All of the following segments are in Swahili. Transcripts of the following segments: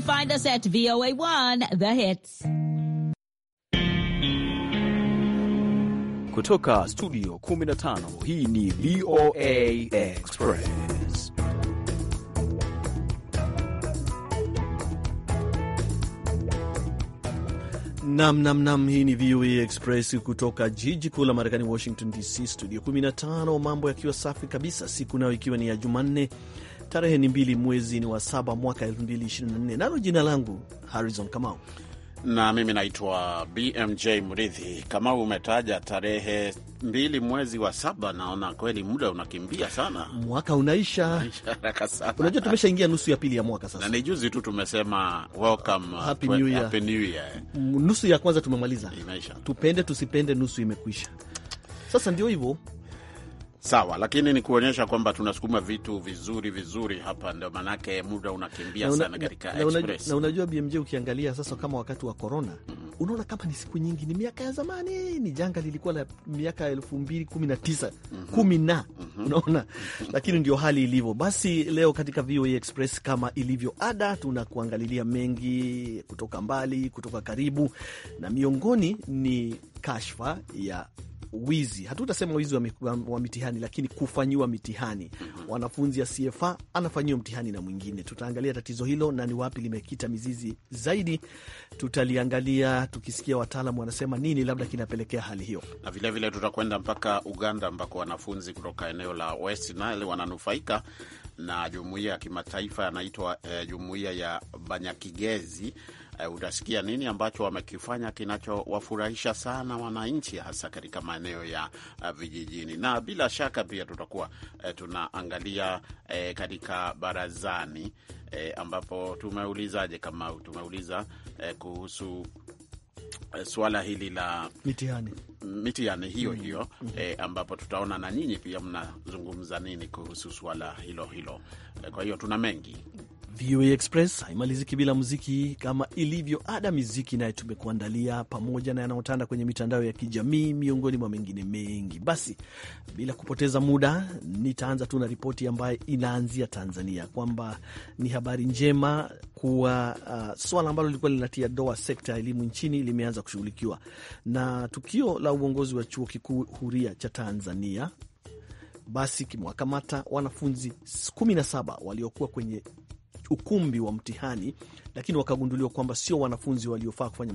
Find us at VOA1 The Hits. Kutoka studio 15 hii ni VOA Express. Nam nam nam, hii ni VOA Express kutoka jiji kuu la Marekani, Washington DC, studio 15, mambo yakiwa safi kabisa, siku nayo ikiwa ni ya Jumanne Tarehe ni mbili mwezi ni wa saba mwaka nne Nalo jina langu Harrison Kamau na mimi naitwa BMJ Mridhi. Kama umetaja tarehe mbili mwezi wa saba, naona kweli muda unakimbia sana, mwaka unaisha, unaisha haraka sana. Unajua tumeshaingia nusu ya pili ya mwaka sasa, na ni juzi tu tumesema welcome uh, happy new year, happy new year. Nusu ya kwanza tumemaliza, imeisha. Tupende tusipende, nusu imekwisha. Sasa ndio hivyo Sawa, lakini ni kuonyesha kwamba tunasukuma vitu vizuri vizuri hapa, ndio maanake muda unakimbia una, sana katika na, na, na unajua BMJ, ukiangalia sasa kama wakati wa korona mm unaona kama ni siku nyingi, ni miaka ya zamani, ni janga lilikuwa la miaka elfu mbili kumi na tisa mm -hmm. kumi na mm -hmm. unaona lakini ndio hali ilivyo. Basi leo katika VOA Express kama ilivyo ada, tunakuangalilia mengi kutoka mbali, kutoka karibu, na miongoni ni kashfa ya wizi, hatutasema wizi wa, wa, wa mitihani, lakini kufanyiwa mitihani. Mhm. Wanafunzi ya CFA anafanyiwa mtihani na mwingine. Tutaangalia tatizo hilo na ni wapi limekita mizizi zaidi, tutaliangalia tukisikia wataalam wanasema nini, labda kinapelekea hali hiyo, na vilevile tutakwenda mpaka Uganda ambako wanafunzi kutoka eneo la West Nile wananufaika na jumuiya ya kimataifa yanaitwa eh, jumuiya ya Banyakigezi uh, utasikia nini ambacho wamekifanya kinachowafurahisha sana wananchi, hasa katika maeneo ya uh, vijijini. Na bila shaka pia tutakuwa uh, tunaangalia uh, katika barazani uh, ambapo tumeulizaje, kama tumeuliza uh, kuhusu suala hili la mitihani mitihani hiyo mm -hmm. hiyo e, ambapo tutaona na nyinyi pia mnazungumza nini kuhusu suala hilo hilo. Kwa hiyo tuna mengi VOA Express haimaliziki bila muziki, kama ilivyo ada. Miziki naye tumekuandalia pamoja na yanayotanda kwenye mitandao ya kijamii, miongoni mwa mengine mengi. Basi bila kupoteza muda, nitaanza tu na ripoti ambayo inaanzia Tanzania, kwamba ni habari njema kuwa uh, swala ambalo lilikuwa linatia doa sekta ya elimu nchini limeanza kushughulikiwa na tukio la uongozi wa chuo kikuu huria cha Tanzania basi kimewakamata wanafunzi 17 waliokuwa kwenye ukumbi wa mtihani, lakini wakagunduliwa kwamba sio wanafunzi waliofaa kufanya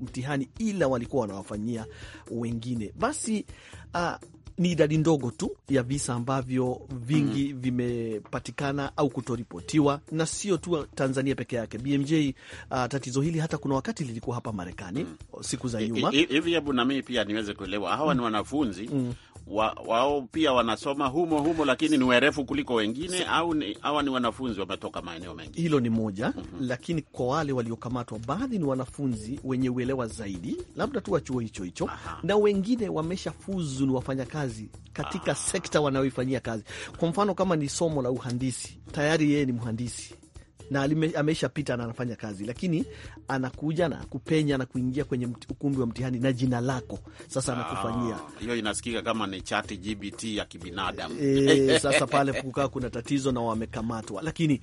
mtihani, ila walikuwa wanawafanyia wengine. Basi uh, ni idadi ndogo tu ya visa ambavyo vingi mm. vimepatikana au kutoripotiwa, na sio tu Tanzania peke yake. BMJ, uh, tatizo hili hata kuna wakati lilikuwa hapa Marekani mm. siku za nyuma hivi. Hebu na mimi pia niweze kuelewa, hawa mm. ni wanafunzi mm. wa, wao pia wanasoma humo humo, lakini ni werefu kuliko wengine au ni, hawa ni wanafunzi wametoka maeneo mengi? Hilo ni moja mm -hmm. Lakini kwa wale waliokamatwa, baadhi ni wanafunzi wenye uelewa zaidi, labda tu wa chuo hicho hicho, na wengine wameshafuzu, ni wafanyakazi kazi katika sekta wanayoifanyia kazi. Kwa mfano kama ni somo la uhandisi, tayari yeye ni mhandisi na ameishapita na anafanya kazi, lakini anakuja na kupenya na kuingia kwenye mti, ukumbi wa mtihani na jina lako sasa anakufanyia ah, hiyo. Ah, Inasikika kama ni chati GBT ya kibinadamu e, sasa pale kukaa kuna tatizo na wamekamatwa. Lakini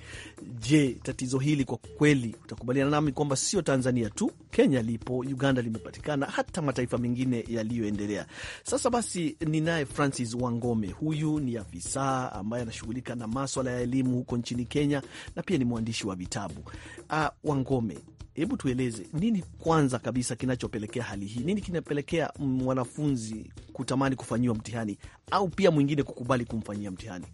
je, tatizo hili kwa kweli utakubaliana nami kwamba sio Tanzania tu, Kenya lipo, Uganda limepatikana, hata mataifa mengine yaliyoendelea. Sasa basi, ninaye Francis Wangome, huyu ni afisa ambaye anashughulika na maswala ya elimu huko nchini Kenya na pia ni mwandishi mwandishi wa vitabu uh, Wangome, hebu tueleze nini kwanza kabisa kinachopelekea hali hii? Nini kinapelekea mwanafunzi kutamani kufanyiwa mtihani au pia mwingine kukubali kumfanyia mtihani?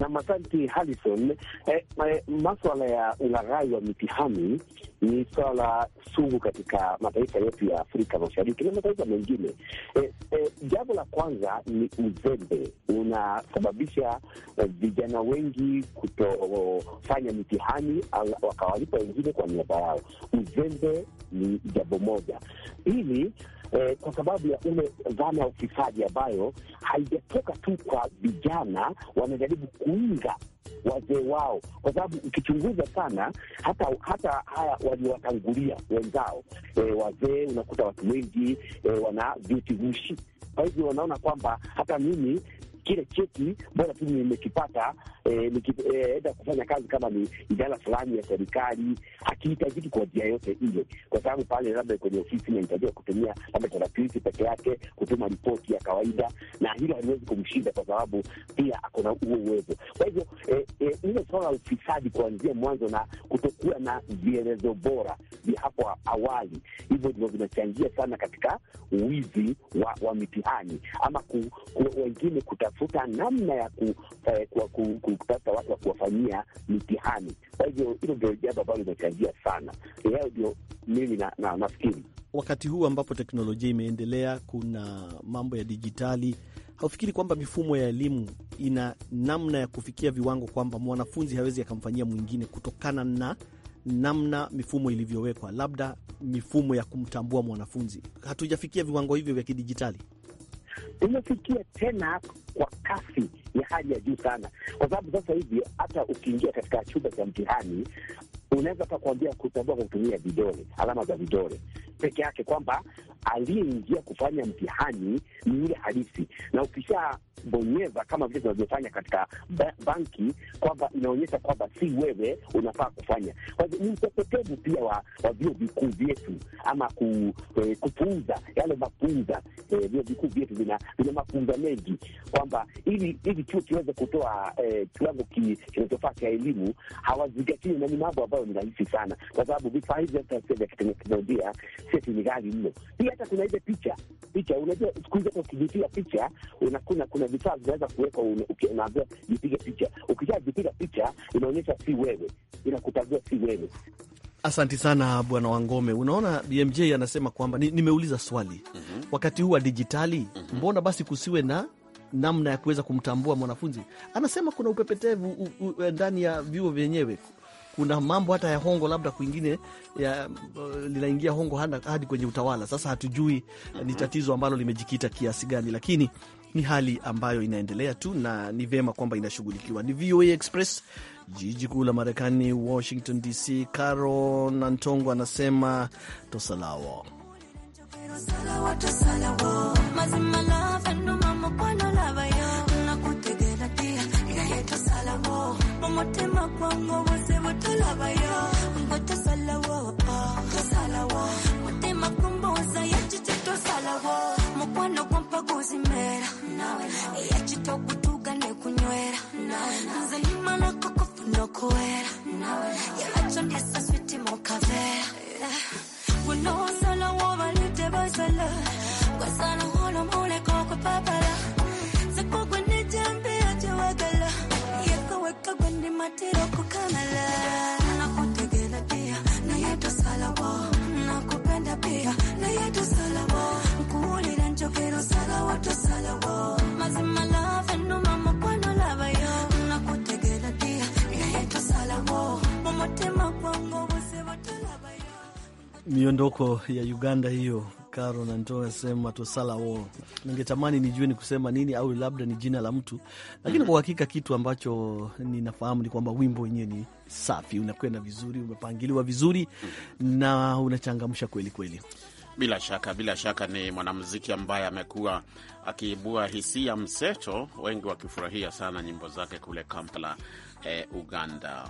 na masanti Harrison. Eh, maswala ya ulaghai wa mitihani ni swala sugu katika mataifa yetu ya Afrika Mashariki na mataifa mengine. Eh, eh, jambo la kwanza ni uzembe, unasababisha eh, vijana wengi kutofanya mitihani wakawalipa wengine kwa niaba yao. Uzembe ni jambo moja. Pili eh, kwa sababu ya ile dhana ya ufisadi ambayo haijatoka tu kwa vijana, wanajaribu kuinga wazee wao, kwa sababu ukichunguza sana hata hata haya waliowatangulia wenzao, eh, wazee, unakuta watu wengi eh, wana vyeti gushi kwa hivyo wanaona kwamba hata mimi kile cheti bora tu nimekipata, eh, nikienda eh, kufanya kazi kama ni idara fulani ya serikali, akihitajiki kwa njia yote ile, kwa sababu pale labda kwenye ofisi inahitajika kutumia labda tarakilishi peke yake kutuma ripoti ya kawaida, na hilo haliwezi kumshinda kwa sababu pia ako na huo uwezo. Kwa hivyo eh, eh, ile suala la ufisadi kuanzia mwanzo na kutokuwa na vielezo bora vya hapo awali, hivyo ndivyo vinachangia sana katika wizi wa, wa mitihani ama ku, ku, wengine kuta wanatafuta namna ya ku, eh, ku, ku, watu wa kuwafanyia mitihani. Kwa hivyo hilo ndio jambo ambalo limechangia sana. Hayo ndio mimi na, na, nafikiri wakati huu ambapo teknolojia imeendelea, kuna mambo ya dijitali Haufikiri kwamba mifumo ya elimu ina namna ya kufikia viwango kwamba mwanafunzi hawezi akamfanyia mwingine kutokana na namna mifumo ilivyowekwa, labda mifumo ya kumtambua mwanafunzi? Hatujafikia viwango hivyo vya kidijitali umefikia tena kwa kasi ya hali ya juu sana, kwa sababu sasa hivi hata ukiingia katika chumba cha mtihani unaweza hata kuambia kutambua kwa kutumia vidole, alama za vidole peke yake kwamba aliyeingia kufanya mtihani ni yule halisi, na ukishabonyeza kama vile tunavyofanya katika ba banki kwamba inaonyesha kwamba si wewe unafaa kufanya. Kwa hivyo ni utepetevu pia wa, wa vio vikuu vyetu ama ku, eh, kupuuza yale mafunza eh, vio vikuu vyetu vina, vina mafunza mengi kwamba ili ili chuo kiweze kutoa eh, kiwango kinachofaa cha elimu hawazingatii, na ni mambo ambayo ni rahisi sana, kwa sababu vifaa hivi hata vya kiteknolojia seti ni ghali mno. Pia hata kuna ile picha picha, unajua siku hizi picha unakuna, kuna vifaa vinaweza kuwekwa, unaambia jipige picha. Ukishajipiga picha inaonyesha si wewe, inakutambua si wewe. Asanti sana bwana Wangome. Unaona, BMJ anasema kwamba ni, nimeuliza swali mm -hmm. wakati huu wa dijitali mm -hmm. mbona basi kusiwe na namna ya kuweza kumtambua mwanafunzi? Anasema kuna upepetevu ndani ya vyuo vyenyewe kuna mambo hata ya hongo, labda kwingine ya, linaingia hongo hadi kwenye utawala. Sasa hatujui ni tatizo ambalo limejikita kiasi gani, lakini ni hali ambayo inaendelea tu na ni vyema kwamba inashughulikiwa. Ni VOA Express, jiji kuu la Marekani, Washington DC. Caro Nantongo anasema tosalawo Tú la bailas. miondoko ya Uganda hiyo. karo Nantoa sema tosala wo, ningetamani nijue ni kusema nini au labda ni jina la mtu, lakini kwa uhakika kitu ambacho ninafahamu ni kwamba wimbo wenyewe ni safi, unakwenda vizuri, umepangiliwa vizuri na unachangamsha kweli kweli. Bila shaka bila shaka, ni mwanamuziki ambaye amekuwa akiibua hisia mseto, wengi wakifurahia sana nyimbo zake kule Kampala e, Uganda.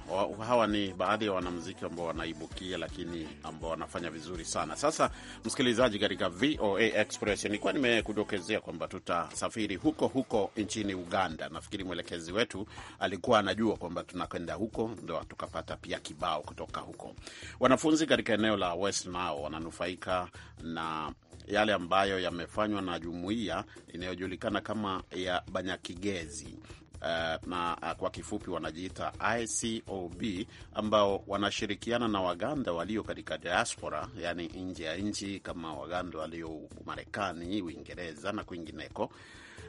Hawa ni baadhi ya wanamuziki ambao wanaibukia, lakini ambao wanafanya vizuri sana. Sasa msikilizaji, katika VOA Express nilikuwa nimekudokezea kwamba tutasafiri huko huko nchini Uganda. Nafikiri mwelekezi wetu alikuwa anajua kwamba tunakwenda huko, ndo tukapata pia kibao kutoka huko. Wanafunzi katika eneo la West Nile wananufaika na yale ambayo yamefanywa na jumuiya inayojulikana kama ya Banyakigezi Eh, na eh, kwa kifupi wanajiita ICOB ambao wanashirikiana na Waganda walio katika diaspora, yaani nje ya nchi, kama Waganda walio Marekani, Uingereza na kwingineko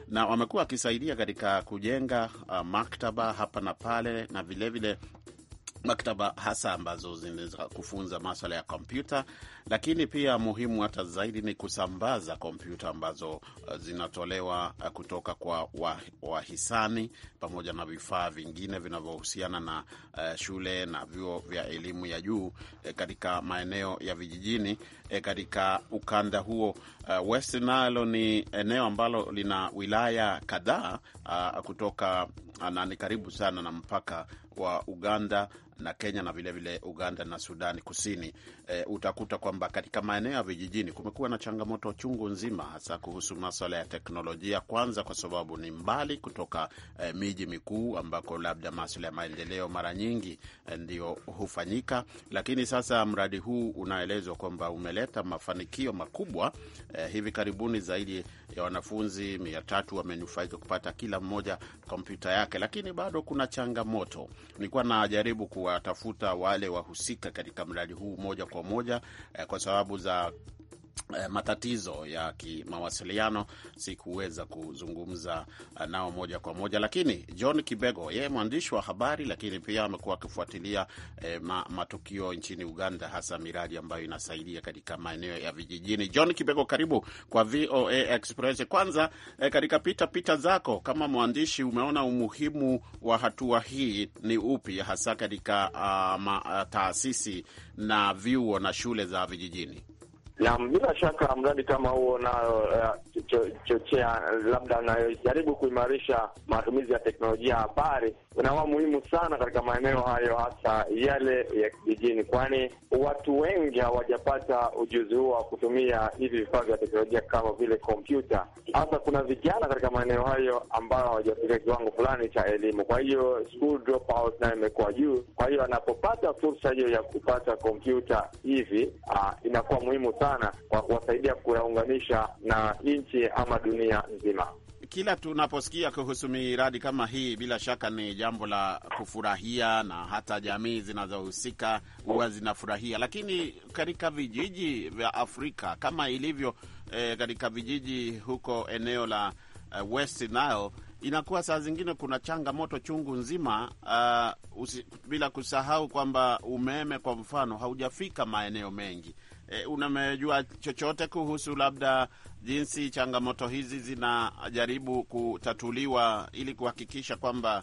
na wamekuwa wakisaidia katika kujenga uh, maktaba hapa na pale na vilevile maktaba hasa ambazo zinaweza kufunza maswala ya kompyuta, lakini pia muhimu hata zaidi ni kusambaza kompyuta ambazo uh, zinatolewa uh, kutoka kwa wahisani pamoja na vifaa vingine vinavyohusiana na uh, shule na vyuo vya elimu ya juu eh, katika maeneo ya vijijini eh, katika ukanda huo uh, West nalo ni eneo ambalo lina wilaya kadhaa uh, kutoka uh, na ni karibu sana na mpaka wa Uganda na Kenya na vilevile vile Uganda na Sudani Kusini. E, utakuta kwamba katika maeneo ya vijijini kumekuwa na changamoto chungu nzima, hasa kuhusu maswala ya teknolojia, kwanza kwa sababu ni mbali kutoka e, miji mikuu ambako labda maswala ya maendeleo mara nyingi e, ndio hufanyika. Lakini sasa mradi huu unaelezwa kwamba umeleta mafanikio makubwa. E, hivi karibuni zaidi ya wanafunzi mia tatu wamenufaika kupata kila mmoja kompyuta yake, lakini bado kuna changamoto. Nilikuwa najaribu ku kuwatafuta wale wahusika katika mradi huu moja kwa moja eh, kwa sababu za Eh, matatizo ya kimawasiliano, sikuweza kuzungumza eh, nao moja kwa moja, lakini John Kibego, yeye mwandishi wa habari, lakini pia amekuwa akifuatilia eh, ma, matukio nchini Uganda, hasa miradi ambayo inasaidia katika maeneo ya vijijini. John Kibego, karibu kwa VOA Express. Kwanza eh, katika pita pita zako kama mwandishi, umeona umuhimu wa hatua hii ni upi, hasa katika uh, taasisi na vyuo na shule za vijijini? na bila shaka mradi kama huo unayochochea eh, cho, labda unayojaribu kuimarisha matumizi ya teknolojia ya habari unawa muhimu sana katika maeneo hayo, hasa yale ya kijijini, kwani watu wengi hawajapata ujuzi huo wa kutumia hivi vifaa vya teknolojia kama vile kompyuta. Hasa kuna vijana katika maeneo hayo ambayo hawajafika kiwango fulani cha elimu, kwa hiyo school dropout nayo imekuwa juu. Kwa hiyo anapopata fursa hiyo ya kupata kompyuta hivi, ah, inakuwa muhimu sana sana kwa kuwasaidia kuyaunganisha na nchi ama dunia nzima. Kila tunaposikia kuhusu miradi kama hii, bila shaka ni jambo la kufurahia, na hata jamii zinazohusika huwa zinafurahia. Lakini katika vijiji vya Afrika kama ilivyo eh, katika vijiji huko eneo la eh, West Nile inakuwa saa zingine kuna changamoto chungu nzima uh, usi, bila kusahau kwamba umeme kwa mfano haujafika maeneo mengi e, unamejua chochote kuhusu labda jinsi changamoto hizi zinajaribu kutatuliwa ili kuhakikisha kwamba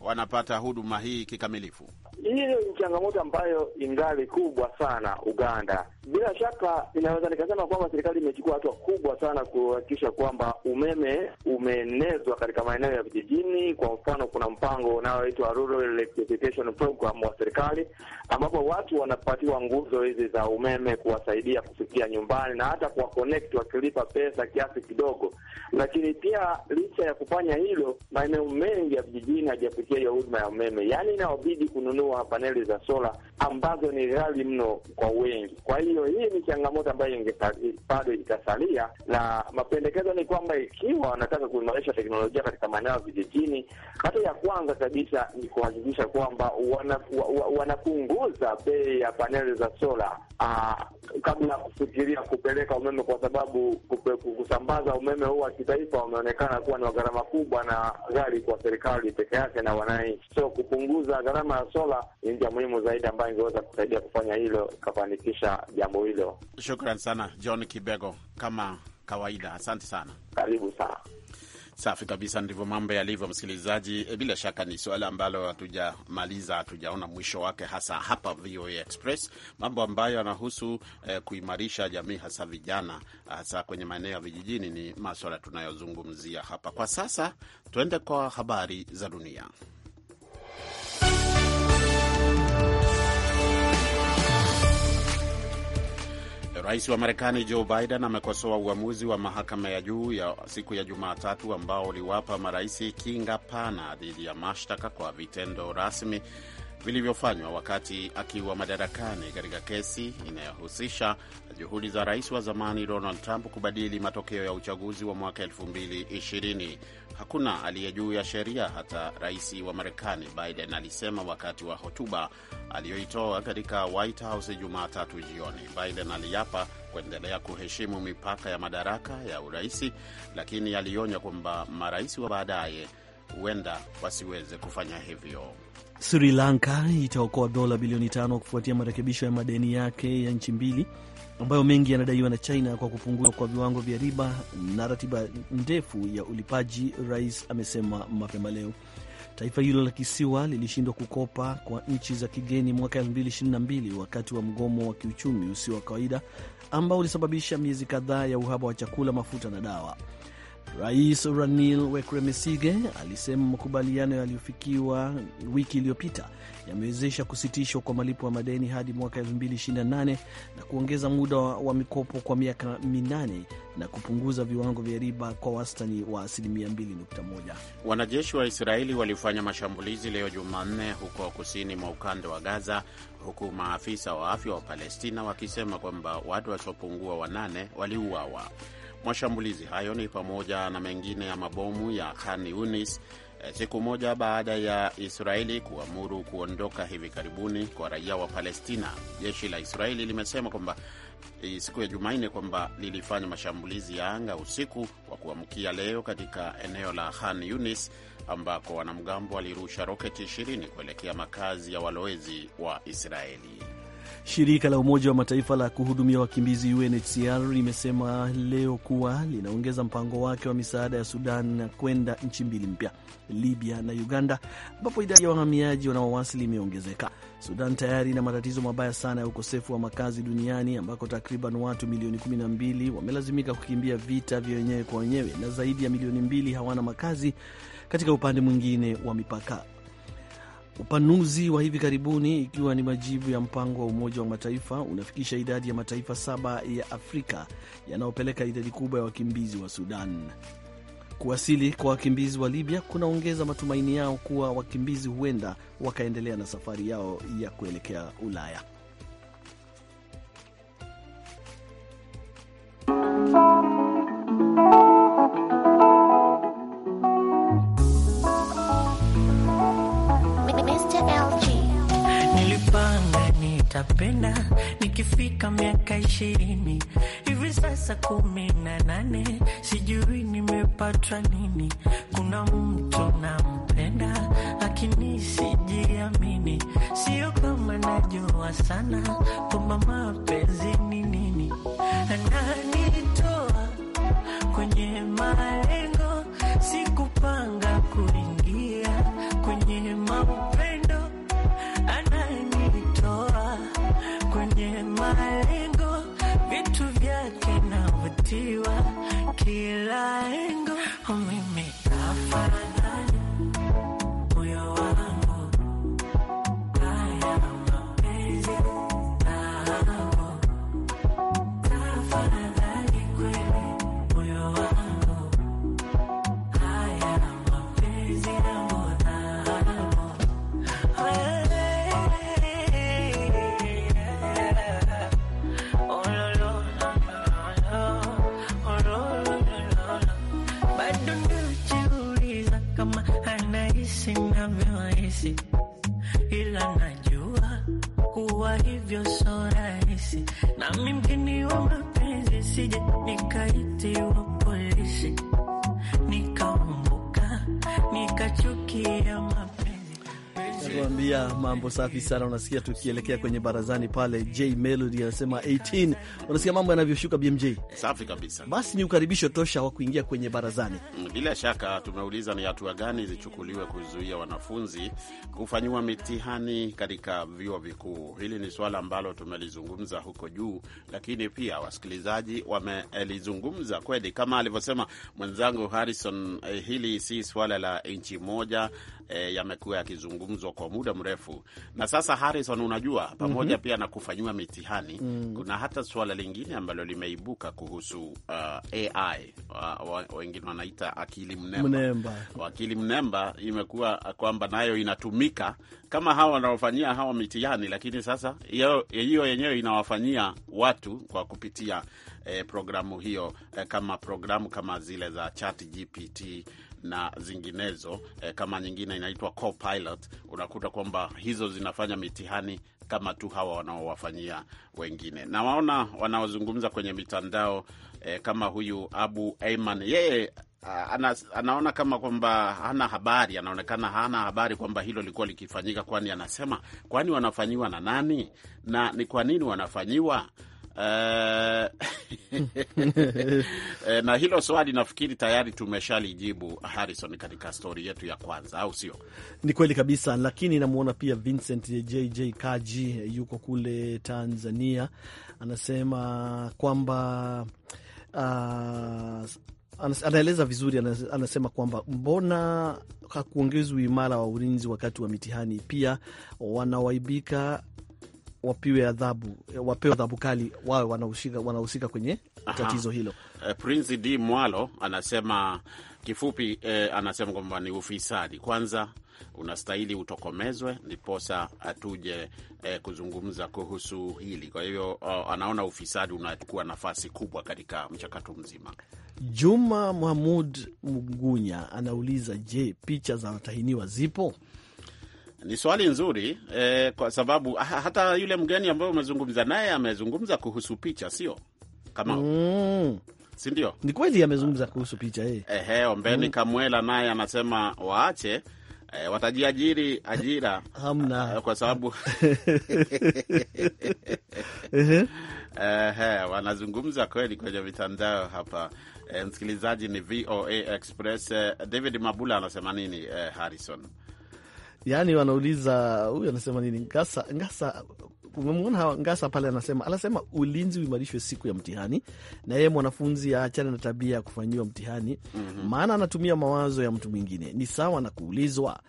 wanapata huduma hii kikamilifu. Hiyo ni changamoto ambayo ingali kubwa sana Uganda. Bila shaka, inaweza nikasema kwamba serikali imechukua hatua kubwa sana kuhakikisha kwamba umeme umeenezwa katika maeneo ya vijijini. Kwa mfano, kuna mpango unaoitwa Rural Electrification Program wa serikali, ambapo watu wanapatiwa nguzo hizi za umeme kuwasaidia kufikia nyumbani na hata kuwa connect wakilipa pesa kiasi kidogo. Lakini pia licha ya kufanya hilo, maeneo mengi ya vijijini kupitia hiyo huduma ya umeme, yaani inawabidi kununua paneli za sola ambazo ni ghali mno kwa wengi. Kwa hiyo hii ni changamoto ambayo bado itasalia, na mapendekezo ni kwamba ikiwa wanataka kuimarisha teknolojia katika maeneo ya vijijini, hata ya kwanza kabisa ni kuhakikisha kwamba wanapunguza wana, wana bei ya paneli za sola ah, kabla ya kufikiria kupeleka umeme, kwa sababu kupe, kusambaza umeme huu wa kitaifa umeonekana kuwa ni wa gharama kubwa na ghali kwa serikali peke yake na wananchi. So kupunguza gharama ya sola ni njia muhimu zaidi ambayo ingeweza kusaidia kufanya hilo, ikafanikisha jambo hilo. Shukran sana John Kibego, kama kawaida, asante sana, karibu sana. Safi kabisa, ndivyo mambo yalivyo, msikilizaji. E, bila shaka ni suala ambalo hatujamaliza, hatujaona mwisho wake, hasa hapa VOA Express, mambo ambayo yanahusu eh, kuimarisha jamii, hasa vijana, hasa kwenye maeneo ya vijijini. Ni maswala tunayozungumzia hapa kwa sasa. Tuende kwa habari za dunia. Rais wa Marekani Joe Biden amekosoa uamuzi wa mahakama ya juu ya siku ya Jumatatu ambao uliwapa maraisi kinga pana dhidi ya mashtaka kwa vitendo rasmi vilivyofanywa wakati akiwa madarakani katika kesi inayohusisha juhudi za rais wa zamani Donald Trump kubadili matokeo ya uchaguzi wa mwaka 2020. Hakuna aliye juu ya sheria, hata rais wa Marekani Biden alisema wakati wa hotuba aliyoitoa katika White House Jumatatu jioni. Biden aliapa kuendelea kuheshimu mipaka ya madaraka ya uraisi, lakini alionya kwamba marais wa baadaye huenda wasiweze kufanya hivyo. Sri Lanka itaokoa dola bilioni tano kufuatia marekebisho ya madeni yake ya nchi mbili ambayo mengi yanadaiwa na China kwa kupunguzwa kwa viwango vya riba na ratiba ndefu ya ulipaji, rais amesema mapema leo. Taifa hilo la kisiwa lilishindwa kukopa kwa nchi za kigeni mwaka 2022 wakati wa mgomo wa kiuchumi usio wa kawaida ambao ulisababisha miezi kadhaa ya uhaba wa chakula, mafuta na dawa. Rais Ranil Wickremesinghe alisema makubaliano yaliyofikiwa wiki iliyopita yamewezesha kusitishwa kwa malipo ya madeni hadi mwaka 2028 na kuongeza muda wa mikopo kwa miaka minane na kupunguza viwango vya riba kwa wastani wa asilimia 2.1. Wanajeshi wa Israeli walifanya mashambulizi leo Jumanne huko kusini mwa ukanda wa Gaza, huku maafisa wa afya wa Palestina wakisema kwamba watu wasiopungua wanane waliuawa. Mashambulizi hayo ni pamoja na mengine ya mabomu ya Khan Yunis eh, siku moja baada ya Israeli kuamuru kuondoka hivi karibuni kwa raia wa Palestina. Jeshi la Israeli limesema kwamba eh, siku ya Jumanne kwamba lilifanya mashambulizi ya anga usiku wa kuamkia leo katika eneo la Khan Yunis ambako wanamgambo walirusha roketi 20 kuelekea makazi ya walowezi wa Israeli. Shirika la Umoja wa Mataifa la kuhudumia wakimbizi UNHCR limesema leo kuwa linaongeza mpango wake wa misaada ya Sudan na kwenda nchi mbili mpya, Libya na Uganda, ambapo idadi ya wahamiaji wanaowasili imeongezeka. Sudan tayari ina matatizo mabaya sana ya ukosefu wa makazi duniani ambako takriban watu milioni 12 wamelazimika kukimbia vita vya wenyewe kwa wenyewe na zaidi ya milioni mbili hawana makazi katika upande mwingine wa mipaka. Upanuzi wa hivi karibuni ikiwa ni majibu ya mpango wa Umoja wa Mataifa unafikisha idadi ya mataifa saba ya Afrika yanayopeleka idadi kubwa ya wakimbizi wa Sudan. Kuwasili kwa wakimbizi wa Libya kunaongeza matumaini yao kuwa wakimbizi huenda wakaendelea na safari yao ya kuelekea Ulaya. nitapenda nikifika miaka ishirini hivi sasa kumi na nane sijui nimepatwa nini. Kuna mtu nampenda lakini sijiamini, sio kama najua sana kwamba mapenzi ni nini. Ananitoa kwenye malengo sikupanga 起来！rahisi, ila najua kuwa hivyo so rahisi, na mimi mgeni wa mapenzi sije nikai nakwambia mambo safi sana. Unasikia tukielekea kwenye barazani pale, J Melody anasema 18 unasikia mambo yanavyoshuka BMJ. Safi kabisa, basi ni ukaribisho tosha wa kuingia kwenye barazani. Mm, bila shaka tumeuliza ni hatua gani zichukuliwe kuzuia wanafunzi kufanyiwa mitihani katika vyuo vikuu. Hili ni suala ambalo tumelizungumza huko juu, lakini pia wasikilizaji wamelizungumza kweli, kama alivyosema mwenzangu Harrison. Eh, hili si suala la nchi moja, eh, yamekuwa yakizungumzwa kwa muda mrefu. Na sasa, Harrison, unajua pamoja mm -hmm. pia na kufanyiwa mitihani mm. -hmm. kuna hata suala lingine ambalo limeibuka kuhusu uh, AI uh, wengine wa, wa, wa, wanaita akili mnemba, mnemba. Akili mnemba imekuwa kwamba nayo inatumika kama hawa wanaofanyia hawa mitihani, lakini sasa hiyo yenyewe inawafanyia watu kwa kupitia eh, programu hiyo eh, kama programu kama zile za ChatGPT na zinginezo eh, kama nyingine inaitwa copilot, Unakuta kwamba hizo zinafanya mitihani kama tu hawa wanaowafanyia wengine, na waona wanaozungumza kwenye mitandao eh, kama huyu Abu Aiman yeye ah, ana, anaona kama kwamba hana habari, anaonekana hana habari kwamba hilo lilikuwa likifanyika, kwani anasema, kwani wanafanyiwa na nani na ni kwa nini wanafanyiwa? Eh, eh, na hilo swali nafikiri tayari tumeshalijibu Harrison, katika stori yetu ya kwanza, au sio? Ni kweli kabisa, lakini namwona pia Vincent JJ Kaji eh, yuko kule Tanzania, anasema kwamba uh, anaeleza vizuri, anasema kwamba mbona hakuongezwi uimara wa ulinzi wakati wa mitihani? Pia wanawaibika wapiwe adhabu, wapewe adhabu kali wawe wanahusika, wanahusika kwenye tatizo hilo. Eh, Prince D Mwalo anasema kifupi eh, anasema kwamba ni ufisadi kwanza, unastahili utokomezwe, ndiposa atuje eh, kuzungumza kuhusu hili. Kwa hivyo oh, anaona ufisadi unachukua nafasi kubwa katika mchakato mzima. Juma Mahmud Mgunya anauliza, je, picha za watahiniwa zipo? Ni swali nzuri eh, kwa sababu hata yule mgeni ambaye umezungumza naye amezungumza kuhusu picha, sio kama mm. si ndio? Ni kweli amezungumza kuhusu picha eh. Ehe, Ombeni mm. Kamwela naye anasema waache E, watajiajiri ajira hamna, eh, kwa sababu Ehe, wanazungumza kweli kwenye mitandao hapa. E, msikilizaji, ni VOA Express. E, David Mabula anasema nini? E, Harrison Yani wanauliza huyu anasema nini? Ngasa, Ngasa umemwona Ngasa pale, anasema anasema ulinzi uimarishwe siku ya mtihani, na yeye mwanafunzi aachane na tabia ya kufanyiwa mtihani mm -hmm. Maana anatumia mawazo ya mtu mwingine, ni sawa na kuulizwa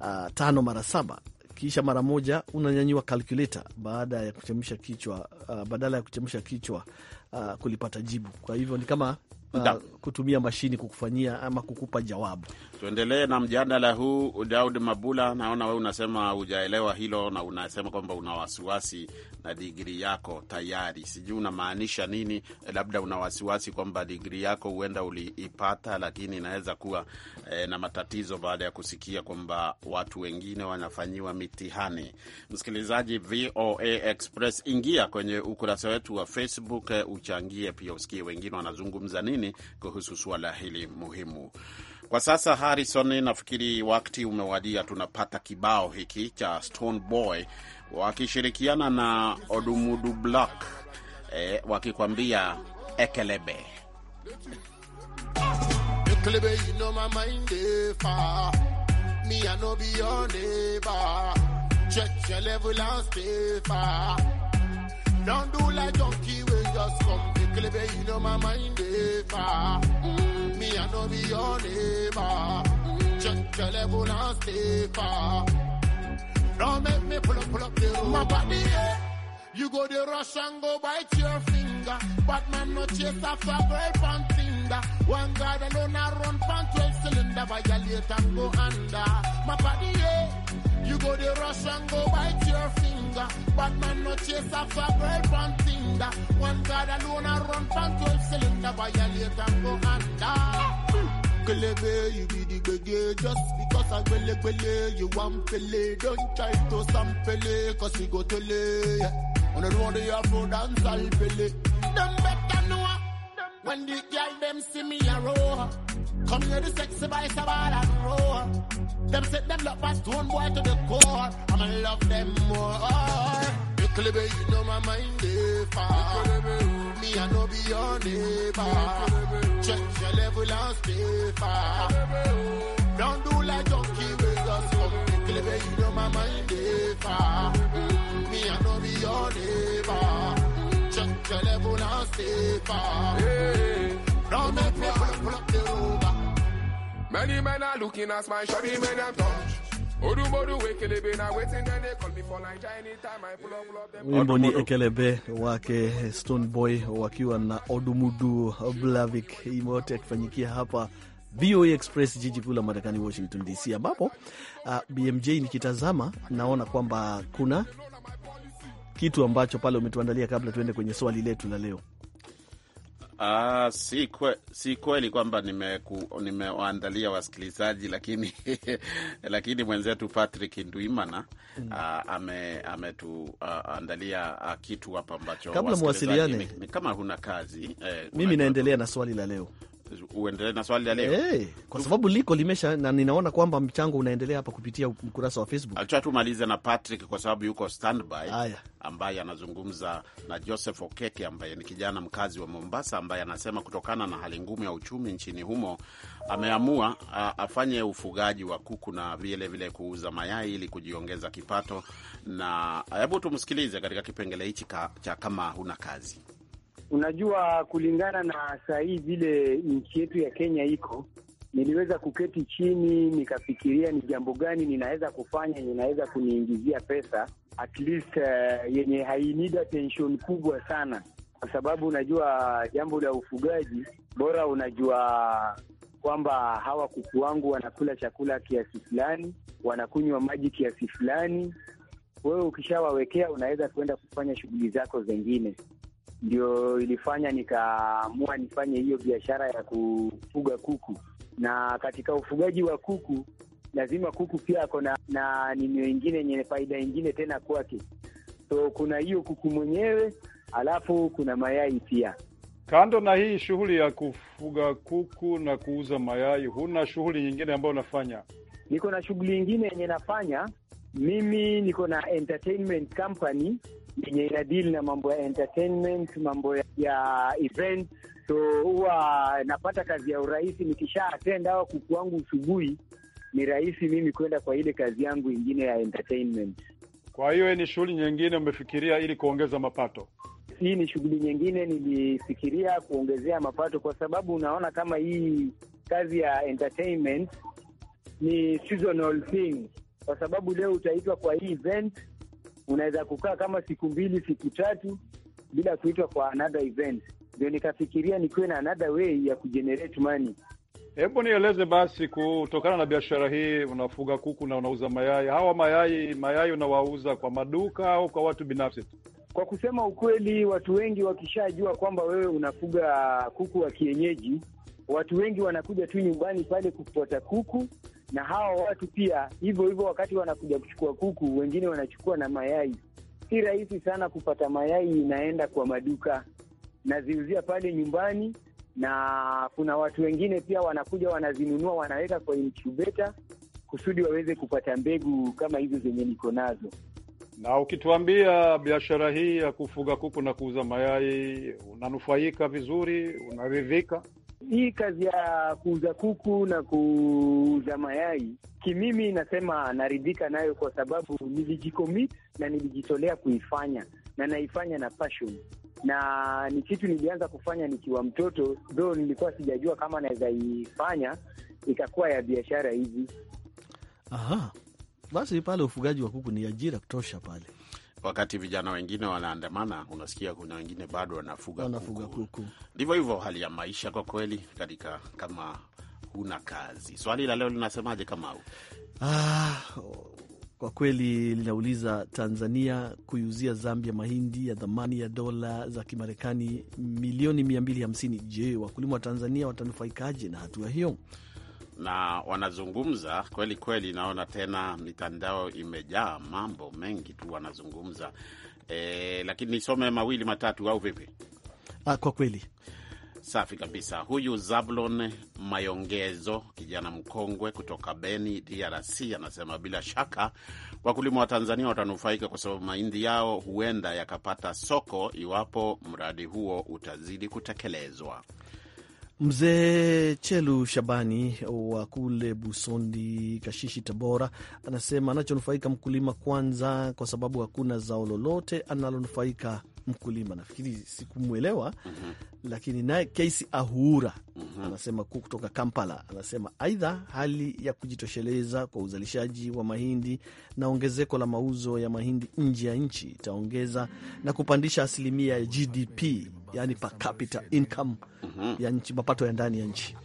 uh, tano mara saba kisha mara moja unanyanyiwa calculator baada ya kuchemsha kichwa uh, badala ya kuchemsha kichwa uh, kulipata jibu. Kwa hivyo ni kama uh, kutumia mashini kukufanyia ama kukupa jawabu. Tuendelee na mjadala huu. Daud Mabula, naona we unasema hujaelewa hilo na unasema kwamba una wasiwasi na digrii yako tayari. Sijui unamaanisha nini? Labda una wasiwasi kwamba digrii yako huenda uliipata, lakini inaweza kuwa eh, na matatizo baada ya kusikia kwamba watu wengine wanafanyiwa mitihani. Msikilizaji, VOA Express, ingia kwenye ukurasa wetu wa Facebook, eh, uchangie pia, usikie wengine wanazungumza nini kuhusu suala hili muhimu. Kwa sasa Harrison, nafikiri wakati umewadia, tunapata kibao hiki cha Stone Boy wakishirikiana na Odumudu Black e, wakikwambia ekelebe ekelebe you know my mind far me I no be your neighbor check your level and stay far don't do like donkey just come ekelebe you know my mind far mm. I know be your neighbor. Check your level and stay far. Don't make me pull up, pull up the road. My body, yeah. You go the rush and go bite your finger. But man, no chase after girl from Tinder. One guy alone, I run from 12 cylinder. Violate and go under my body, yeah. You go the rush and go bite your finger. But man, no chase after girl from Tinder. One God alone, I run from 12 cylinder. Violate and go under. Kelebe, you be the gege Just because I gwele gwele You want pele Don't try to sampele Cause you go tele yeah. On the road you have no dance all pele Them better know When the girl them see me a roar Come here the sexy boy and roar them set them love a stone boy to the core. I'ma love them more. You Little baby, you know my mind they far. Me, I know be your neighbor. Check your level and stay far. Don't do like junkie with us. Little baby, you know my mind they far. Me, I know be your neighbor. Check your level and stay far. Don't make me pull up the room. Many men are looking at my shabby men and touch. Wimbo ni Ekelebe wake Stone Boy wakiwa na Odumudu Blavik, imote akifanyikia hapa VOA Express, jiji kuu la Marekani, Washington DC, ambapo uh, ah, BMJ nikitazama naona kwamba kuna kitu ambacho pale umetuandalia kabla tuende kwenye swali letu la leo. Ah, si kwe, si kweli kwamba nimewaandalia nime wasikilizaji, lakini lakini mwenzetu Patrick Ndwimana mm. ah, ametuandalia ame ah, ah, kitu hapa ambacho kabla kama huna kazi eh, mimi naendelea na swali la leo uendelee na swali la leo hey, kwa sababu liko limesha na ninaona kwamba mchango unaendelea hapa kupitia ukurasa wa Facebook. Acha tumalize na Patrick kwa sababu yuko standby, ambaye anazungumza na Joseph Okeke ambaye ni kijana mkazi wa Mombasa, ambaye anasema kutokana na hali ngumu ya uchumi nchini humo ameamua afanye ufugaji wa kuku na vile vile kuuza mayai ili kujiongeza kipato. Na hebu tumsikilize katika kipengele hichi cha kama huna kazi. Unajua, kulingana na saa hii vile nchi yetu ya Kenya iko, niliweza kuketi chini nikafikiria ni jambo gani ninaweza kufanya ninaweza kuniingizia pesa at least uh, yenye hainida attention kubwa sana, kwa sababu unajua jambo la ufugaji bora, unajua kwamba hawa kuku wangu wanakula chakula kiasi fulani, wanakunywa maji kiasi fulani. Wewe ukishawawekea unaweza kuenda kufanya shughuli zako zingine ndio ilifanya nikaamua nifanye hiyo biashara ya kufuga kuku. Na katika ufugaji wa kuku, lazima kuku pia ako na, na ninio ingine yenye faida ingine tena kwake. So kuna hiyo kuku mwenyewe, alafu kuna mayai pia. Kando na hii shughuli ya kufuga kuku na kuuza mayai, huna shughuli nyingine ambayo unafanya? Niko na shughuli ingine yenye nafanya mimi, niko na entertainment company yenye inadili na mambo ya entertainment, mambo ya event. So huwa napata kazi ya urahisi nikisha attend au kuku wangu usubuhi, ni rahisi mimi kwenda kwa ile kazi yangu ingine ya entertainment. Kwa hiyo ni shughuli nyingine umefikiria ili kuongeza mapato? Hii ni shughuli nyingine nilifikiria kuongezea mapato, kwa sababu unaona kama hii kazi ya entertainment ni seasonal thing, kwa sababu leo utaitwa kwa hii event unaweza kukaa kama siku mbili siku tatu bila kuitwa kwa another event, ndio nikafikiria nikiwe na another way ya kugenerate money. Hebu nieleze basi, kutokana na biashara hii, unafuga kuku na unauza mayai. Hawa mayai mayai unawauza kwa maduka au kwa watu binafsi tu? Kwa kusema ukweli, watu wengi wakishajua kwamba wewe unafuga kuku wa kienyeji, watu wengi wanakuja tu nyumbani pale kupota kuku na hawa watu pia hivyo hivyo, wakati wanakuja kuchukua kuku, wengine wanachukua na mayai. Si rahisi sana kupata mayai, inaenda kwa maduka, naziuzia pale nyumbani, na kuna watu wengine pia wanakuja wanazinunua, wanaweka kwa incubator kusudi waweze kupata mbegu kama hizo zenye niko nazo. Na ukituambia biashara hii ya kufuga kuku na kuuza mayai, unanufaika vizuri, unaridhika? Hii kazi ya kuuza kuku na kuuza mayai, kimimi nasema naridhika nayo kwa sababu nilijikomit na nilijitolea kuifanya na naifanya na passion na ni kitu nilianza kufanya nikiwa mtoto, though nilikuwa sijajua kama naweza ifanya ikakuwa ya biashara hivi. Aha, basi pale ufugaji wa kuku ni ajira kutosha pale wakati vijana wengine wanaandamana, unasikia kuna wengine bado wanafuga, wanafuga kuku. Ndivyo hivyo hali ya maisha kwa kweli, katika kama huna kazi. Swali la leo linasemaje, Kamau? Ah, kwa kweli linauliza Tanzania kuiuzia Zambia mahindi ya thamani ya dola za Kimarekani milioni 250. Je, wakulima wa Tanzania watanufaikaje na hatua hiyo? na wanazungumza kweli kweli. Naona tena mitandao imejaa mambo mengi tu wanazungumza e, lakini nisome mawili matatu au vipi? Ah, kwa kweli safi kabisa. Huyu Zablon Mayongezo, kijana mkongwe kutoka Beni, DRC, anasema bila shaka wakulima wa Tanzania watanufaika kwa sababu mahindi yao huenda yakapata soko iwapo mradi huo utazidi kutekelezwa. Mzee Chelu Shabani wa kule Busondi, Kashishi, Tabora, anasema anachonufaika mkulima kwanza, kwa sababu hakuna zao lolote analonufaika mkulima, nafikiri sikumwelewa mm -hmm. Lakini naye Kesi Ahuura mm -hmm. anasema kutoka Kampala, anasema aidha, hali ya kujitosheleza kwa uzalishaji wa mahindi na ongezeko la mauzo ya mahindi nje ya nchi itaongeza na kupandisha asilimia ya GDP, yani per capita income mm -hmm. ya nchi, mapato ya ndani ya nchi.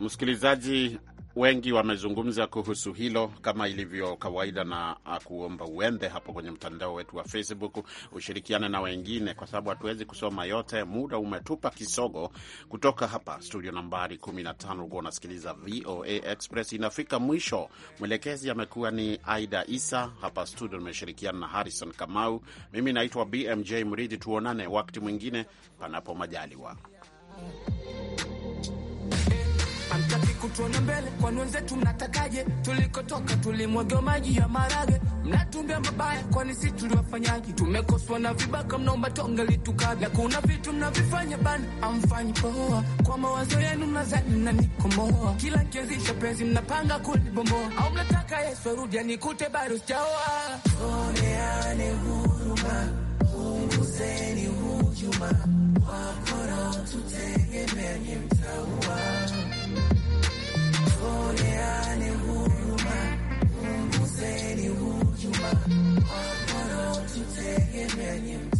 Msikilizaji wengi wamezungumza kuhusu hilo kama ilivyo kawaida, na kuomba uende hapo kwenye mtandao wetu wa Facebook ushirikiane na wengine, kwa sababu hatuwezi kusoma yote, muda umetupa kisogo. Kutoka hapa studio nambari 15 ukuwa unasikiliza VOA Express inafika mwisho. Mwelekezi amekuwa ni Aida Isa, hapa studio nimeshirikiana na Harrison Kamau, mimi naitwa BMJ Mridhi. Tuonane wakati mwingine, panapo majaliwa kutuona mbele, kwani wenzetu mnatakaje? Tulikotoka tulimwaga maji ya marage, mnatumbia mabaya, kwani si tuliwafanyaji? Tumekoswa na vibaka, mnaomba tonge litukaga. Kuna vitu mnavifanya bana, amfanyi poa. Kwa mawazo yenu mnazani mnanikomoa, kila kianzisha penzi mnapanga kulibomboa, au mnataka Yesu arudi anikute bado sijaoa. Tuoneane huruma, punguzeni hujuma, wakora tutegemeanye mtaua Tuoneane huruma, to hujuma, it nyuma